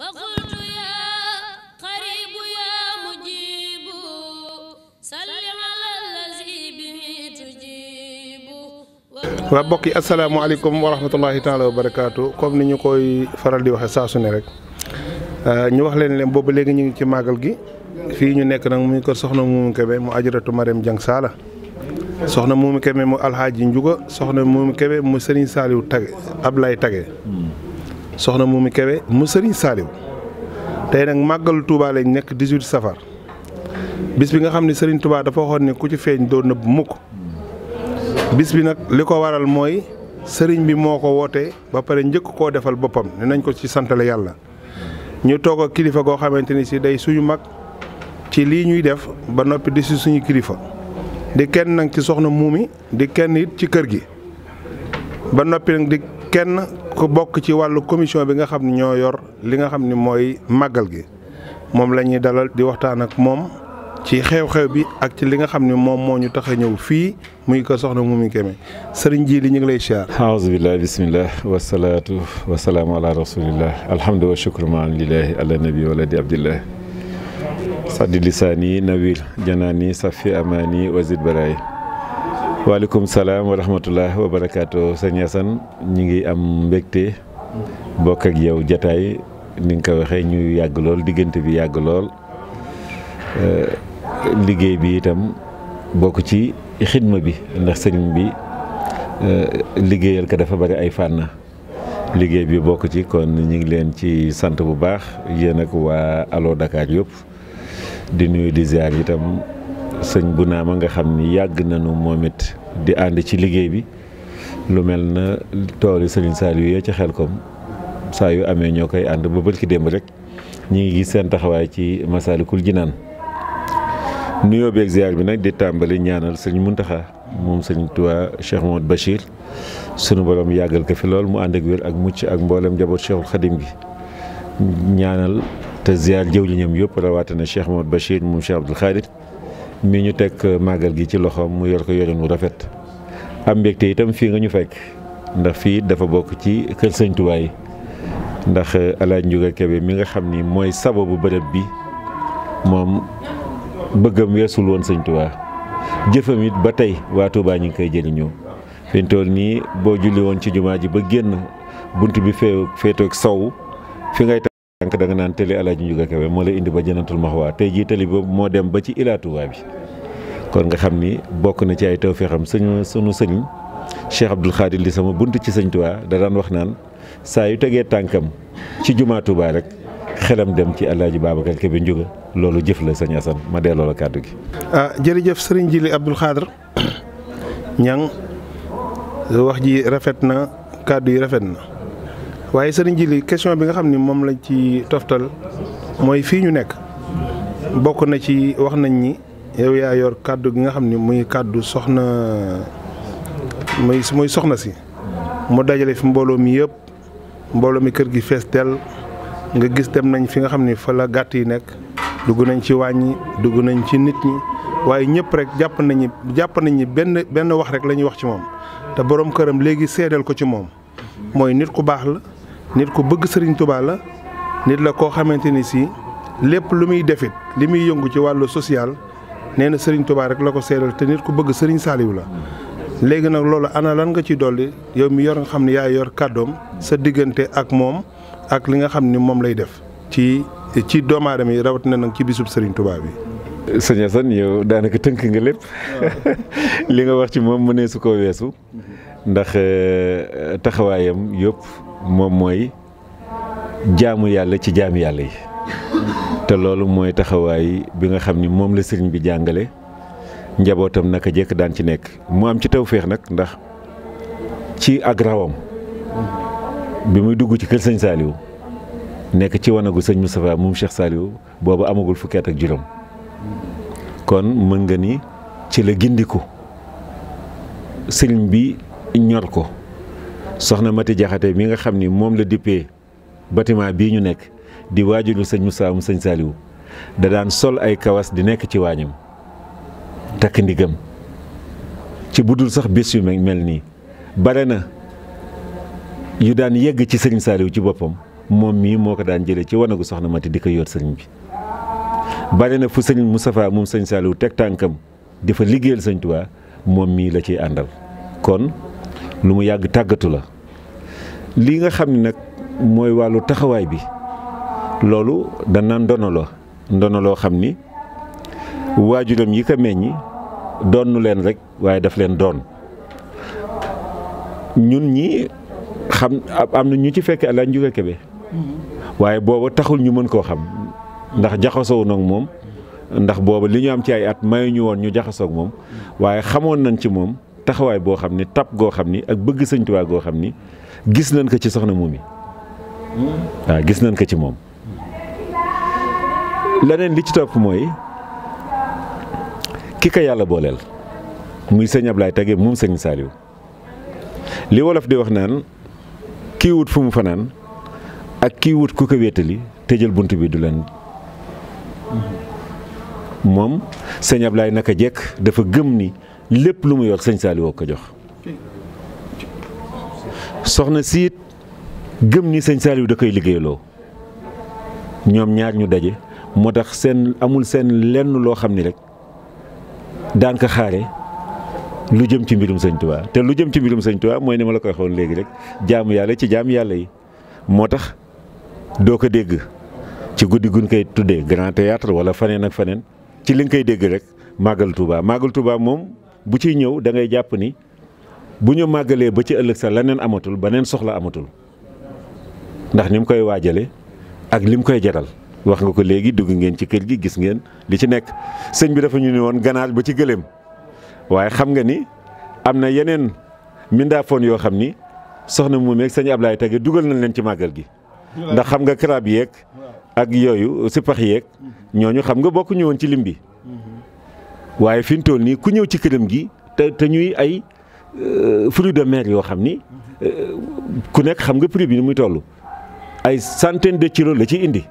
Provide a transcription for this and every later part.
waa mbokk yi asalaamaaleykum wa rahmatullahi taala wa barakaatu comme ni ñu koy faral di waxee saa su rek euh, ñu wax leen leen boobu léegi ñu ngi ci màggal gi fii ñu nekk nag muy kër soxna Momy Kébé mu ajaratu Mariam Dieng Sala soxna Momy Kébé mu alxaaji Njuga soxna Momy Kébé mu Serigne Saliou Tage Ablaye Tage. soxna Momy Kébé mu Serigne Saliou tey nag màggalu Touba lañ nekk 18 safar bis bi nga xam ne Serigne Touba dafa waxoon ne ku ci feeñ doo nëbb mukk bis bi nag li ko waral mooy sëriñ bi moo ko woote ba pare njëkk koo defal boppam ne nañ ko ci santale yàlla ñu toog a kilifa goo xamante ni si day suñu mag ci lii ñuy def ba noppi di si suñu kilifa di kenn nag ci soxna Momy di kenn it ci kër gi ba noppi nag di kenn ku bokk ci wàllu commission bi nga xam ne ñoo yor li nga xam ni mooy màggal gi moom la ñuy dalal di waxtaan ak moom ci xew-xew bi ak ci li nga xam ne moom moo ñu tax a ñëw fii muy ko soxna Momy Kébé sëriñ jii li ñu ngi lay siyaar aouzu billahi bismillah wasalaatu wasalaamu ala rasulillah alhamdu wa shukru maan lillahi ala nabi wala di abdillah saddi lisaani nawil janaani safi amaani wazid baraay waaleykum salaam wa rahmatullah wa barakaatu sëñ Yasane ñi ngi am mbégte bokk ak yow jataay ni nga ko waxee ñu yàgg lool diggante bi yàgg lool euh, liggéey bi itam bokk ci xidma bi ndax sëriñ bi euh, liggéeyal ko dafa bari ay fànn liggéey bi bokk ci kon ñu ngi leen ci sant bu baax yéen ak waa Allo Dakar yëpp di nuyu di ziar itam sëñ bu naa ma nga xam ni yàgg nañu moom it di ànd ci liggéey bi lu mel na tool sëñ sëriñ Saliou yee ci ko saa yu amee ñoo koy ànd ba bërki démb rek ñi ngi gis seen taxawaay ci Masaalikul naan nuyoo beeg ziar bi nag di tàmbali ñaanal sëñ Muntaxa moom sëñ Tuubaa Cheikh Mouhamed Bachir sunu boroom yàggal ko fi lool mu ànd ak wér ak mucc ak mboolem njaboot Cheikhul Xadim gi ñaanal te ziar jëwliñam yëpp rawatina Cheikh Mouhamed Bachir moom Cheikh Abdoul mi ñu teg euh, màggal gi ci loxoom mu yor ko yorin wu rafet am mbégte itam fii nga ñu fekk ndax fii dafa bokk ci kër sëñ ndax euh, Alaaji Njuga Kebe mi nga xam ni mooy sababu bërëb bi moom bëggam weesul woon sëñ Tuubaa jëfam it ba tey waa Tuubaa ñu ngi koy jëriñoo fi mu toll nii boo julli woon ci jumaa ji ba génn bunt bi fee féetoog sow fi ngay sànq da nga naan télé Alaaji Ndiouga Kébé moo lay indi ba jënatul maxwaa tey jii télé boobu moo dem ba ci Ila Touba bi kon nga xam ni bokk na ci ay tawféexam suñu suñu sëñ Cheikh Abdoul Khadir li sama bunt ci sëñ Touba da daan wax naan saa yu tegee tànkam ci jumaa Touba rek xelam dem ci Alaaji Babacar Kébé Ndiouga loolu jëf la sëñ Assane ma delloo la kàddu gi. ah jërëjëf sëriñ Jili Abdoul Khadir ñang wax ji rafet na kàddu yi rafet na. waaye sëriñ Jili question bi nga xam ni moom lañ ci toftal mooy fii ñu nekk bokk na ci wax nañ ni yow yaa yor kàddu gi nga xam ni muy kàddu soxna muy muy soxna si mu dajale fi mbooloo mi yëpp mbooloo mi kër gi fees dell nga gis dem nañ fi nga xam ni fa la gàtt yi nekk dugg nañ ci wàññi dugg nañ ci nit ñi waaye ñëpp rek jàpp nañ jàpp nañu benn benn wax rek la ñuy wax ci moom te boroom këram léegi seedal ko ci moom mooy nit ku baax la nit ku bëgg Serigne Touba la nit la koo xamante ni si lépp lu muy defit li muy yëngu ci wàllu social nee na Serigne Touba rek la ko seedal te nit ku bëgg Serigne Saliou la. léegi nag loolu ana lan nga ci dolli yow mi yor nga xam ne yaa yor kàddoom sa diggante ak moom ak li nga xam ni moom lay def ci ci doomu aadama yi rawatina nag ci bisub Serigne tubaab bi. sëñ Assane yow daanaka tënk nga lépp li nga wax ci moom mënee su ko weesu mhm. ndax eh, taxawaayam yëpp moom mooy jaamu yàlla ci jaamu yàlla yi te loolu mooy taxawaay bi nga xam ni moom la sëriñ bi jàngale njabootam naka jekk daan ci nekk mu am ci tawféex nag ndax ci ak rawam bi muy dugg ci kër sëñ saaliw nekk ci wanagu sëñ Moustapha moom Cheikh Saliou booba amagul fukki ak juróom kon mën nga ni ci la gindiku sëriñ bi ñor ko soxna Mati Jaxate mi nga xam ni moom la dippee bâtiment bii ñu nekk di waajuru sëñ Moussa mu sëñ saaliwu da daan sol ay kawas di nekk ci waañam takk ndigam ci dul sax bés yu mel nii bare na yu daan yegg ci sëriñ saaliwu ci boppam moom mii moo ko daan jëlee ci wanagu soxna Mati di ko yor sëriñ bi bare na fu sëriñ musafaa moom sëñ Saliou teg tànkam di fa liggéeyal sëñ Tuubaa moom mii la ci àndal lu mu yàgg tàggatu la lii nga xam ni nag mooy wàllu taxawaay bi loolu danaan ndono loo xam ni waajuram yi ko meññi nu leen rek waaye daf leen doon ñun ñi xam am na ñu ci fekke àla njuga kebe mm-hmm. waaye booba taxul ñu mën koo xam ndax jaxasoo nag moom ndax booba li ñu am ci ay at mayuñu woon ñu jaxasoog moom waaye xamoon nañ ci moom taxawaay boo xam ni tap goo xam ni ak bëgg sëñ goo xam ni gis nañ ko ci soxna mi hmm. waaw gis nañ ko ci moom leneen li ci topp mooy ki ko yàlla booleel muy sëñ Ablaye Tage moom sëñ Saliou li wolof di wax naan kii wut fu mu fanaan ak kii wut ku ko te jël bunt bi du leen hmm. moom sëñ Ablaye naka jekk dafa gëm ni lépp lu mu yor sëñ Saliou ko jox soxna siit gëm ni sëñ Saliou da koy liggéeyloo ñoom ñaar ñu daje moo tax seen amul seen lenn loo xam ni rek daan ko xaare lu jëm ci mbirum sëñ Tuubaa te lu jëm ci mbirum sëñ Tuubaa mooy ni ma la ko waxoon léegi rek jaamu yàlla ci jaamu yàlla yi moo tax doo ko dégg ci guddi gun koy tuddee grand théâtre wala faneen ak faneen ci li nga koy dégg rek màggal Tuubaa màggal Tuubaa moom bu ciy ñëw dangay jàpp ni bu ñu màggalee ba ci ëllëg sa leneen amatul beneen soxla amatul ndax ni mu koy waajale ak li mu koy jaral wax nga ko léegi dugg ngeen ci kër gi gis ngeen li ci nekk sëñ bi dafa ñu ne woon ganaar ba ci gëléem waaye xam nga ni am na yeneen mindaafoon yoo xam ni soxna Momy ak sëñ Ablaye Tagué dugal nañ leen ci màggal gi ndax xam nga karaab yeeg ak yooyu sipax yeeg ñooñu xam nga bokkuñu woon ci lim bi waaye fi mu toll nii ku ñëw ci këram gi te te ñuy ay euh, fruits de mer yoo xam ni euh, ku nekk xam nga prix bi ni muy toll ay centaine de kilos la ci indi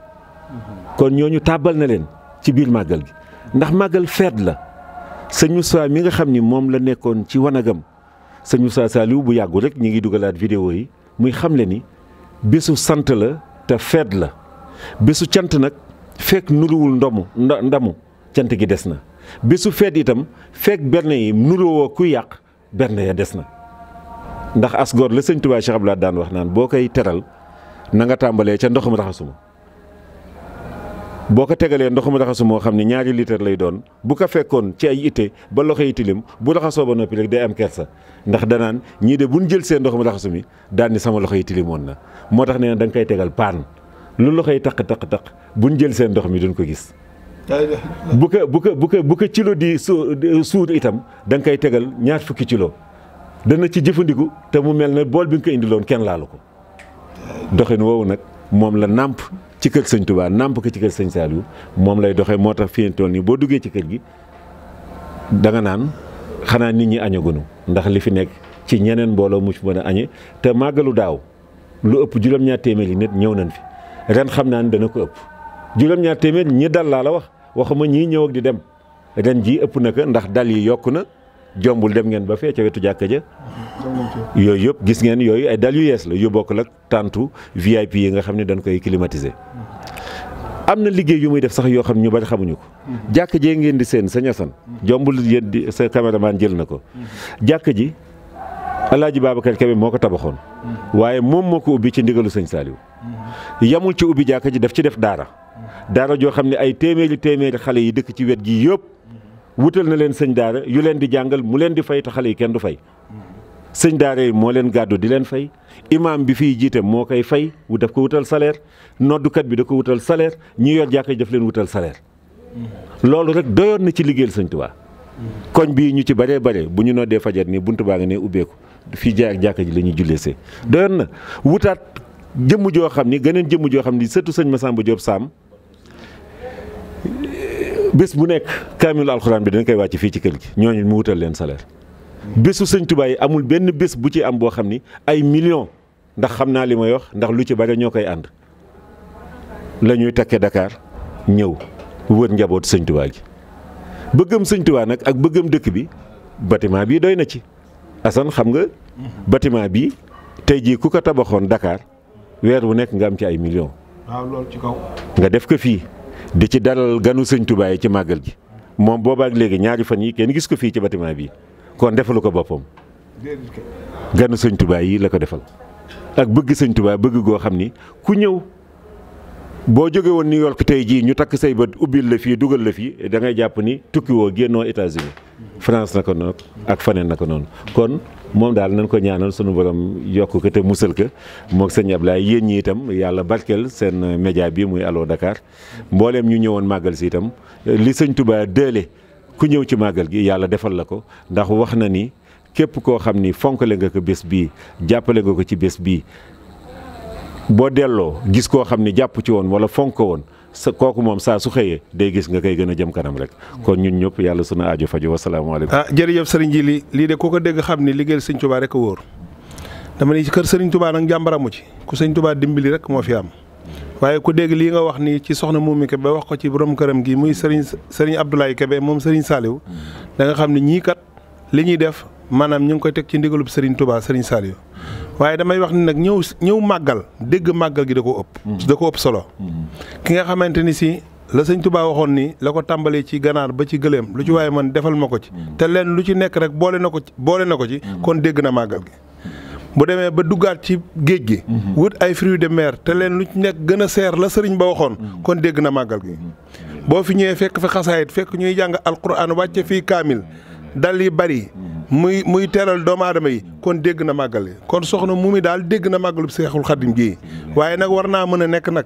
kon ñoo ñu taabal na leen ci biir màggal gi ndax màggal feet la sëñ Moussa mi nga xam ni moom la nekkoon ci wanagam sëñ Moussa Saliou bu yàggu rek ñu ngi dugalaat vidéo yi muy xam le ni bésu sant la te feet la bésu cant nag fekk nuruwul ndomu ndamu cant gi des na bésu feet itam fekk berne yi nuloo ku yàq berne ya des na ndax as góor la sëñ Tuubaa Cheikh Abdoulaye daan wax naan boo koy teral na nga tàmbalee ca ndoxum raxasuma boo ko tegalee ndoxum raxasu moo xam ne ñaari litre lay doon bu ko fekkoon ci ay itte ba loxo yi tilim bu raxasoo ba noppi rek day am kersa ndax danaan ñii de buñ jël seen ndoxum raxasu mi daan ni sama loxo yi tilimoon na moo tax nee na koy tegal paan lu loxo yi taq taq taq buñ jël seen ndox mi duñ ko gis bu ko bu ko bu bu ko kilo di su suur itam danga koy tegal ñaar fukki kilo dana ci jëfandiku te mu mel ne bool bi nga ko indiloon kenn laalu ko doxin woowu nag moom la nàmp ci kër sëñ Touba nàmp ki ci kër sëñ Saliou moom lay doxee moo tax fi toll boo duggee ci kër gi danga naan xanaa nit ñi añagunu ndax li fi nekk ci ñeneen mbooloo mu ci mën a añe te màggalu daaw lu ëpp juróom-ñaar téeméeri nit ñëw nañ fi ren xam naa ni dana ko ëpp juróom-ñaar téeméer ñi dal laa la wax. waxuma ñii ñëw ak di dem ren jii ëpp na ko ndax dal yi yokk na jombul dem ngeen ba fee ca wetu jàkka ja yooyu yëpp gis ngeen yooyu ay dal yu yees la yu bokk la tàntu VIP yi nga xam ne dañ koy climatiser. am na liggéey yu muy def sax yoo xam ñu bari xamuñu ko. jàkka jee ngeen di seen sa ñasan. jombul yéen di sa caméraman jël na ko. jàkka ji Alaaji Babacar Kebe moo ko tabaxoon. waaye moom moo ko ubbi ci ndigalu sëñ Saliou. yamul ci ubbi jàkka ji daf ci def daara. daara joo xam ne ay téeméeri téeméeri xale yi dëkk ci wet gi yëpp wutal na leen sëñ daara yu leen di jàngal mu leen di fay te xale yi kenn du fay sëñ daara yi moo leen gàddu di leen fay imaam bi fiy jiite moo koy fay wu daf ko wutal salaire noddukat bi da ko wutal salaire ñi yor jàkka daf leen wutal salaire loolu rek doyoon na ci liggéeyal sëñ Tuubaa koñ bii ñu ci bëree bare bu ñu noddee fajar nii buntu baa nga ne ubbeeku fii jaay ak jàkka ji la ñuy jullee see doyoon na wutaat jëmm joo xam ni geneen jëmm joo xam ni surtout sëñ Massamba Diop Sam bés bu nekk kaamilu alxuraan bi dañ koy wàcc fii ci kër gi ñooñu mu wutal leen salaire bésu sëñ yi amul benn bés bu ci am boo xam ni ay millions ndax xam naa li ma yox ndax lu ci bari ñoo koy ànd la ñuy takkee Dakar ñëw wër njaboot sëñ Tuubaa gi bëggam sëñ nag ak bëggam dëkk bi bâtiment bii doy na ci Assane xam nga bâtiment bii tey jii ku ko tabaxoon Dakar weer wu nekk nga am ci ay millions. waaw loolu ci kaw. nga def ko fii. di ci dalal ganu sëñ Tuubaa yi ci màggal ji moom boobaak léegi ñaari fan yi kenn gis ko fii ci bâtiment bi kon defalu ko boppam ganu sëñtubaay Tuubaa yi la ko defal ak bëgg sëñ Tuubaa bëgg goo xam ni ku ñëw boo jóge ni New York tey jii ñu takk say bët ubbil la fii dugal la fii dangay jàpp ni tukki woo génnoo États-Unis France naka noonu ak faneen ko noonu kon moom daal nañ ko ñaanal suñu borom yokk ko te musal ko moog sëñ Ablaye yéen ñi itam yàlla barkeel seen média bi muy Allo Dakar mbooleem ñu ñëwoon màggal si itam li sëñ Touba dële ku ñëw ci màggal gi yàlla defal la ko ndax wax na ni képp koo xam ni fonkale nga ko bés bii jàppale nga ko ci bés bii boo delloo gis koo xam ni jàpp ci woon wala fonk ko woon sa kooku moom saa su xëyee day gis nga koy gën a jëm kanam rek kon ñun ñëpp yàlla su sunu aajo fajo wasalaamaaleykum. ah jërëjëf sëriñ ji li lii de koo ko dégg xam ni liggéeyal sëñ Touba rek a wóor dama ni kër sëriñ Touba nag jàmbaramu ci ku sëñ Touba dimbali rek moo fi am. waaye ku dégg lii nga wax ni ci soxna Momy Kébé wax ko ci borom këram gi muy sëriñ sëriñ Abdoulaye Kébé moom sëriñ Saliou da nga xam ni ñii kat li ñuy def maanaam ñu ngi koy teg ci ndigalub sëriñ Touba sëriñ Saliou waaye damay wax ni nag ñëw ñëw màggal dégg màggal gi da ko ëpp. Mm-hmm. da ko ëpp solo. Mm-hmm. ki nga xamante ni si la sëñ Tuubaa waxoon ni la ko tàmbalee ci ganaar ba ci gëléem lu ci waaye man defal ma ko ci. Mm-hmm. te leen lu ci nekk rek boole na ko ci boole na ko ci. kon dégg na màggal gi. bu demee ba duggaat ci géej gi. wut ay fruits de mer te leen lu ci nekk gën a seer la sëriñ ba waxoon. kon dégg na màggal gi. boo fi ñëwee fekk fi xasaayit fekk ñuy jàng alquran wàcce fii kaamil. dal yi bari muy muy teral doomu aadama yi kon dégg na màggale kon soxna mu mi daal dégg na màggalu Seexul Xadim gi waaye nag war naa mën a nekk nag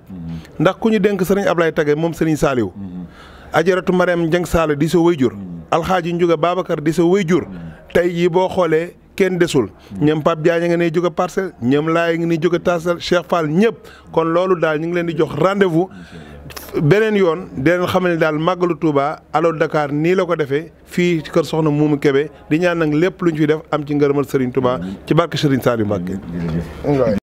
ndax ku ñu denk dénk ab Ablaye Tage moom sëriñ Saaliw ajaratu Mariam Njeng Saalo di sa wayjur alxaaji Njuga Babacar di sa wayjur tey jii boo xoolee kenn desul ñoom Pape Diagne nga ne jóge parcelle ñoom laay nga ne jóge tasal Cheikh Fall ñëpp kon loolu daal ñu ngi leen di jox rendez-vous beneen yoon dinañ xam ne daal màggalu Touba Allo Dakar nii la ko defee fii ci kër Soxna Momu kebe di ñaan nag lépp lu ñu def am ci ngërëmal Serigne Touba ci barke Serigne Saliou Mbacké.